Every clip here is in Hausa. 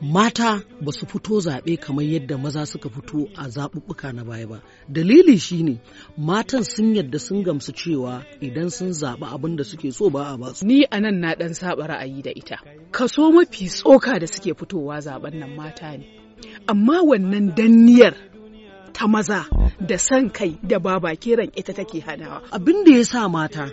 mata ba su fito zaɓe kamar yadda maza suka fito a zaɓuɓɓuka na baya ba dalili shine matan sun yadda sun gamsu cewa idan sun zaɓi abin da suke so ba a ba su ni a nan na ɗan saɓa ra'ayi da ita kaso mafi tsoka da suke fitowa zaɓen nan mata ne amma wannan danniyar ta maza da san kai da baba kiran ita take hadawa abin da ya sa mata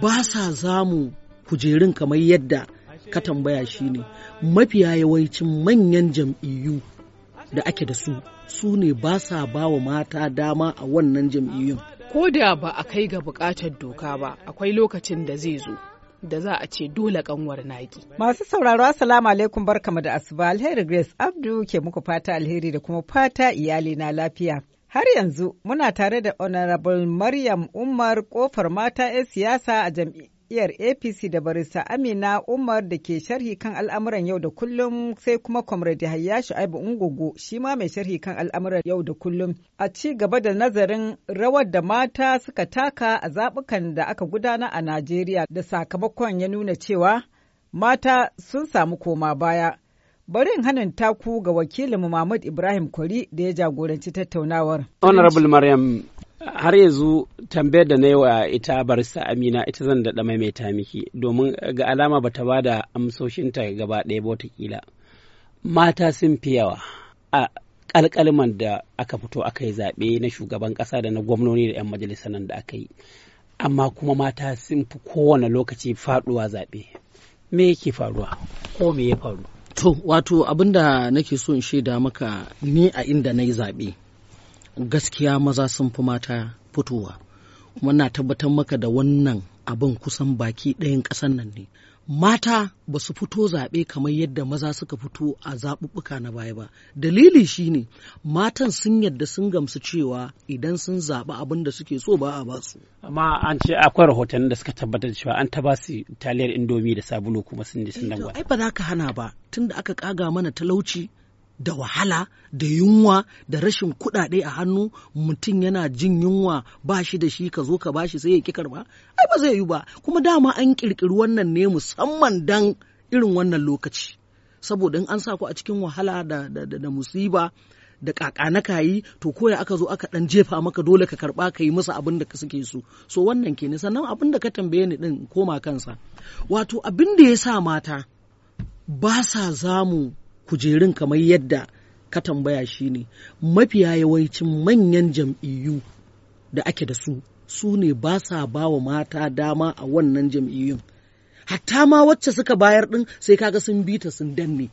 ba sa zamu kujerun kamar yadda ka tambaya shine mafiya yawancin manyan jam'iyyu da ake da su su ne ba sa ba wa mata dama a wannan jam'iyyun. Ko da ba a kai ga bukatar doka ba akwai lokacin da zai zo da za a ce dole kanwar naki. Masu sauraro assalamu alaikum barkamu da asuba alheri Grace Abdu ke muku fata alheri da kuma fata iyali na lafiya. Har yanzu muna tare da Honorable Maryam Umar kofar mata 'yan siyasa a jam'i. jam'iyyar apc da barista amina umar da ke sharhi kan al'amuran yau da kullum sai kuma comrade hayya shu'aibu ungugu shi ma mai sharhi kan al'amuran yau da kullum a ci gaba da nazarin rawar da mata suka taka a zaɓukan da aka gudana a najeriya da sakamakon ya nuna cewa mata sun samu koma baya bari in hanin taku ga Wakilin mahmud ibrahim kwari da ya jagoranci tattaunawar honorable maryam har yanzu tambayar da na yi wa ita barista amina ita zan daɗa maimaita miki domin ga alama ba ta da amsoshinta gaba ɗaya ba watakila mata sun fi yawa a ƙalƙalman da aka fito aka yi zaɓe na shugaban ƙasa da na gwamnoni da 'yan majalisa nan da aka yi amma kuma mata sun fi kowane lokaci faɗuwa zaɓe me yake faruwa ko me ya faru to wato abin da nake so in shaida maka ni a inda na yi zaɓe gaskiya maza sun fi mata fitowa kuma na tabbatar maka da wannan abin kusan baki ɗayan ƙasan nan ne mata ba su fito zaɓe kamar yadda maza suka fito a zaɓuɓɓuka na baya ba dalili shi ne matan sun yadda sun gamsu cewa idan sun zaɓi abin da suke so ba a basu amma an ce akwai rahotannin da suka tabbatar cewa an ta su taliyar indomi da sabulu kuma sun ji sun eh ai ba za ka hana ba tunda aka ƙaga mana talauci da wahala da yunwa da rashin kuɗaɗe a hannu mutum yana jin yunwa ba shi da shi ka zo ka ba shi sai ya ki karba ai ba zai yi ba kuma dama an ƙirƙiri wannan ne musamman dan irin wannan lokaci saboda in an sa ku a cikin wahala da, da, da, da musiba da kaka na kayi to koya aka zo aka dan jefa maka dole ka karba ka yi musu abin da suke so so wannan kenan sannan abin da ka tambaye ni din koma kansa wato abin da ya sa mata ba sa zamu kujerun kamar yadda ka tambaya shi ne mafiya yawancin manyan jam'iyyu da ake da su su ne ba sa ba wa mata dama a wannan jam'iyyun hatta ma wacce suka bayar ɗin sai kaga sun bi ta sun danne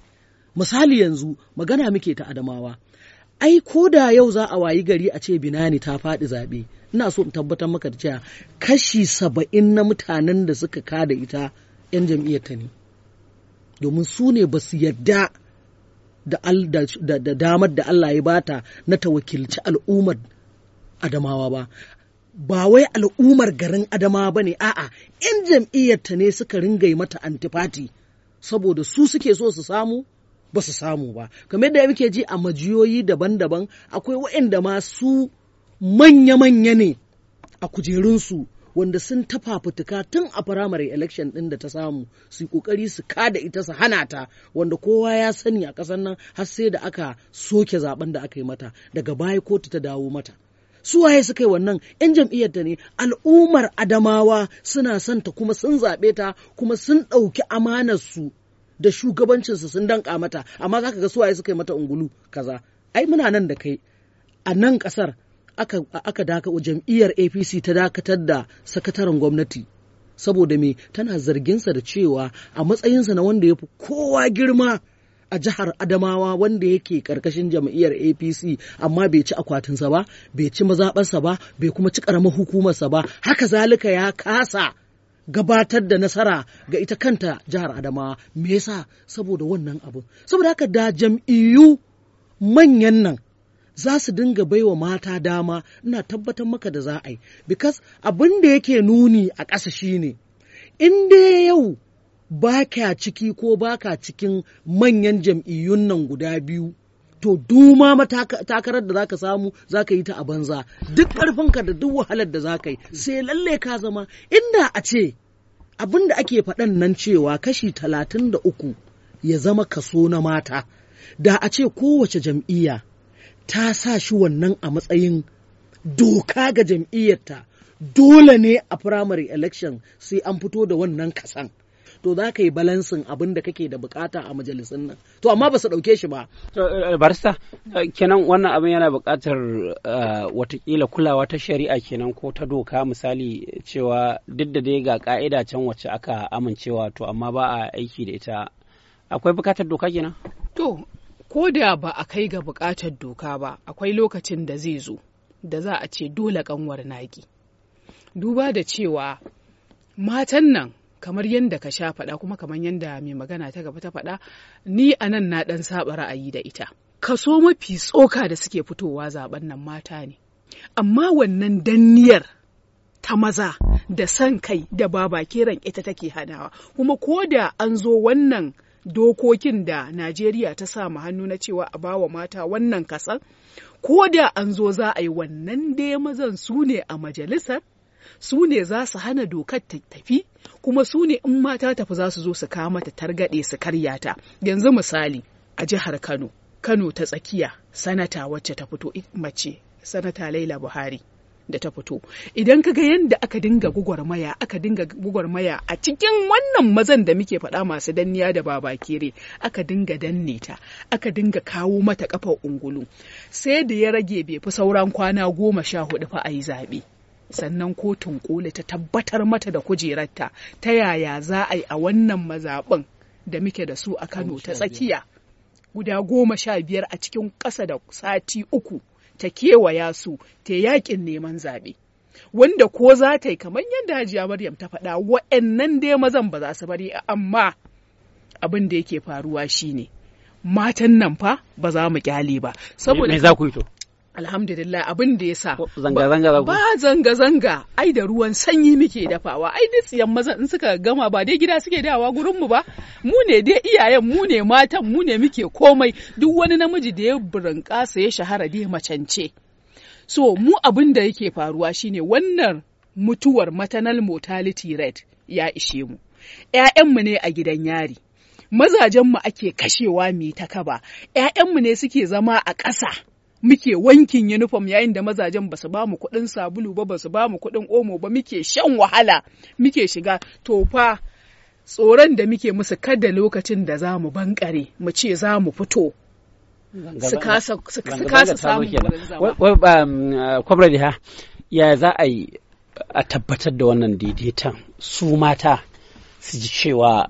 misali yanzu magana muke ta adamawa ai ko da yau za a wayi gari a ce binani ta faɗi zaɓe ina so in tabbatar maka da cewa kashi saba'in na mutanen da suka kada ita 'yan jam'iyyar ta ne domin su ne ba su yarda da da damar da Allah ya bata na ta wakilci al'ummar Adamawa ba. Ba wai al'ummar garin Adamawa ba ne, a'a, ‘yan jam'iyyarta ne suka ringai mata antifati, saboda su suke so su samu, ba su samu ba. Kamar da muke ji a majiyoyi daban-daban, akwai waɗanda ma su manya-manya ne a kujerunsu wanda sun tafa fituka tun a firamare election din da ta samu su kokari su kada ita su hana ta wanda kowa ya sani a kasar nan har sai da aka soke zaben da aka yi mata daga baya kotu ta dawo mata su waye suka yi wannan yan jam'iyyar ta ne al'ummar adamawa suna son ta kuma sun zaɓe ta kuma sun ɗauki amanar su da shugabancinsu sun danƙa mata amma zaka ga su waye suka yi mata ungulu kaza ai muna nan da kai a nan ƙasar aka aka jam'iyyar APC ta dakatar da sakataren gwamnati saboda me tana zarginsa da cewa a matsayinsa na wanda ya fi kowa girma a jihar Adamawa wanda yake karkashin jam'iyyar APC amma bai ci akwatinsa ba bai ci mazaɓarsa ba bai kuma ci ƙaramar hukumarsa ba haka zalika ya kasa gabatar da nasara ga ita kanta jihar Adamawa me yasa saboda wannan abu? saboda haka da jam'iyyu manyan nan za su dinga baiwa mata dama ina tabbatar maka da za a yi because abin da yake nuni a ƙasa shine in dai yau ba ka ciki ko ba ka cikin manyan jam'iyyun nan guda biyu to duma takarar da zaka samu zaka yi ta a banza duk ƙarfinka da duk wahalar da zaka yi sai lalle ka zama inda a ce abin da ake faɗan nan cewa kashi talatin da uku ya zama kaso na mata da a ce kowace jam'iyya ta sa shi wannan a matsayin doka ga jam'iyyarta dole ne a primary election sai an fito da wannan kasan to za ka yi balansin abin da kake da bukata a majalisun nan to amma ba su dauke shi ba eh, eh, barista eh, kenan wannan abin yana bukatar watakila kulawa ta shari'a kenan ko ta doka misali cewa duk da dai ga ka'ida can wacce aka amincewa to amma ba a aiki da ita akwai bukatar doka kenan to ko da ba a kai ga bukatar doka ba akwai lokacin da zai zo da za a ce dole kanwar naki duba da cewa matan nan kamar yadda ka sha faɗa kuma kamar yadda mai magana ta gaba ta faɗa ni a nan na ɗan saba ra'ayi da ita kaso mafi tsoka da suke fitowa zaben nan mata ne amma wannan danniyar ta maza da san kai da baba kiran ita take hanawa kuma ko da an zo wannan dokokin da Najeriya ta sa mu hannu na cewa a bawa mata wannan kasar. ko da an zo za a yi wannan dai mazan su ne a majalisar su ne za su hana dokar ta tafi kuma su ne in mata tafi za su zo su kama ta targaɗe su karya ta yanzu misali a jihar Kano Kano ta tsakiya sanata wacce ta fito mace sanata Laila Buhari da ta fito idan ka ga yadda aka dinga gugwarmaya aka dinga gugwarmaya a cikin wannan mazan da muke faɗa masu danniya da babakere aka dinga danne ta aka dinga kawo mata kafar ungulu sai da ya rage bai fi sauran kwana goma sha hudu fa a yi zaɓe sannan kotun koli ta tabbatar mata da kujerarta ta yaya za a yi a wannan mazaɓin da muke da su a kano ta tsakiya guda goma sha biyar a cikin ƙasa da sati uku ta kewaya su ta yakin neman zaɓe. Wanda ko za ta yi kamar yadda Hajiya Maryam ta faɗa wa'annan dai mazan ba za su bari amma abin da yake faruwa shine matan nan fa ba za mu kyale ba. Saboda me za ku yi to? alhamdulillah abin da ya sa ba zanga-zanga ai da ruwan sanyi muke dafawa ai tsiyan maza in suka gama ba dai gida suke dawa gurin mu ba mu ne dai iyayen mu ne matan mu ne muke komai duk wani namiji da ya burinƙasa ya shahara dai macance so mu abin da yake faruwa shine wannan mutuwar maternal mortality rate ya ishe mu mu ne a gidan yari mazajen mu ake kashewa mai ta kaba ‘ya'yanmu ne suke zama a ƙasa muke wankin uniform yayin da mazajen basu ba mu kuɗin sabulu ba basu ba mu kuɗin omo ba muke shan wahala muke shiga to fa tsoron da muke musu kada lokacin da za mu bankare mu ce za mu fito su kasa samun kwamradi um, uh, ha ya za a yi a tabbatar da wannan daidaitan su mata su ji cewa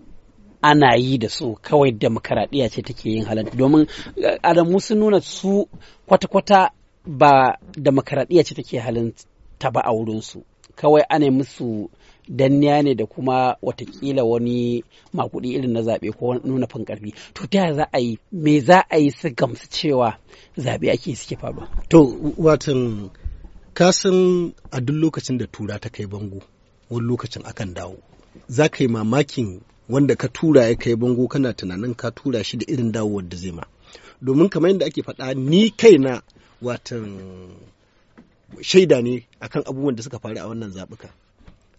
ana yi da su kawai demokaradiyya ce take yin halatta domin eh, alamu sun nuna su kwata-kwata ba demokaradiyya ce take halarta ba a wurinsu kawai ana yi musu danniya ne da kuma watakila wani makudi irin na zaɓe ko nuna fin ƙarfi to ta za a yi me za a yi su gamsu cewa zaɓe ake suke faɗo. to watan kasan a duk lokacin da tura ta kai bango wani lokacin akan dawo za ka yi mamakin wanda ka tura ya kai bango kana tunanin ka tura shi da irin dawowar da zai ma domin kamar yadda ake faɗa ni kaina watan shaida ne akan abubuwan da suka faru a wannan zaɓuka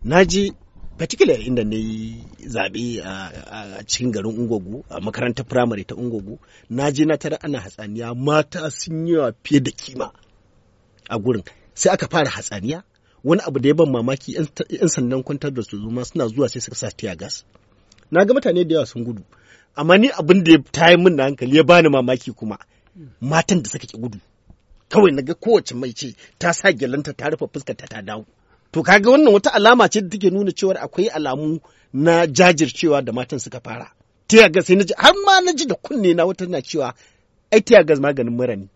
na ji particular inda na yi zaɓe a cikin garin Ungogo, a makarantar firamare ta Ungogo, na je na tara ana hatsaniya mata sun yi wa fiye da kima a gurin sai aka fara hatsaniya wani abu da ya ban mamaki 'yan sandan kwantar da su zuma suna zuwa sai suka sa a gas na ga mutane da yawa sun gudu amma ni abin da ya tayi min na hankali ya bani mamaki kuma matan da suka ki gudu kawai na ga kowace mai ce ta sa gyalanta ta rufe fuskar ta ta dawo to kaga wannan wata alama ce da take nuna cewa akwai alamu na jajircewa da matan suka fara tiyagas sai na ji har ma na ji da kunne na wata na cewa ai tiyagas maganin mura ne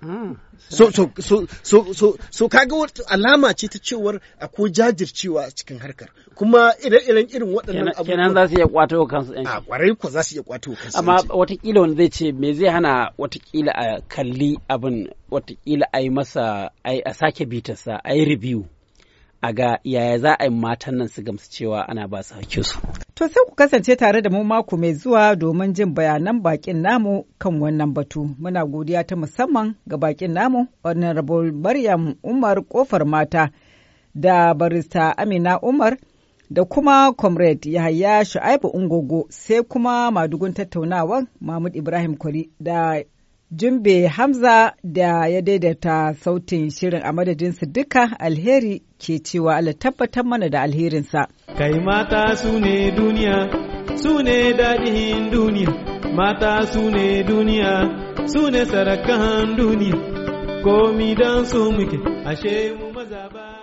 Hmm. So, so, so, so, so, so kaga wata alama ce ta cewar akwai jajircewa a cikin harkar kuma irin irin waɗannan abubuwa. Kenan za su iya kwato kansu ɗan. A kwarai ko za su iya kwato kansu Amma watakila wanda zai ce me zai hana watakila a kalli abin watakila a yi masa a sake bitarsa a yi review. a ga yaya za a yi matan nan su gamsu cewa ana ba su su. To sai ku kasance tare da mu mako mai zuwa domin jin bayanan bakin namu kan wannan batu. Muna godiya ta musamman ga bakin namu Honorable Maryam Umar Kofar Mata da barista Amina Umar da kuma Comrade Yahaya Shu'aibu Ungogo sai kuma madugun tattaunawan Mahmud Ibrahim Kwari da Jumbe Hamza da ya daidaita sautin shirin a madadinsu duka alheri ke cewa Allah tabbatar mana da alherinsa. Kai mata su ne duniya, su ne daɗin duniya, mata su ne duniya, su ne sarakan duniya, komi don su muke, ashe mu maza ba.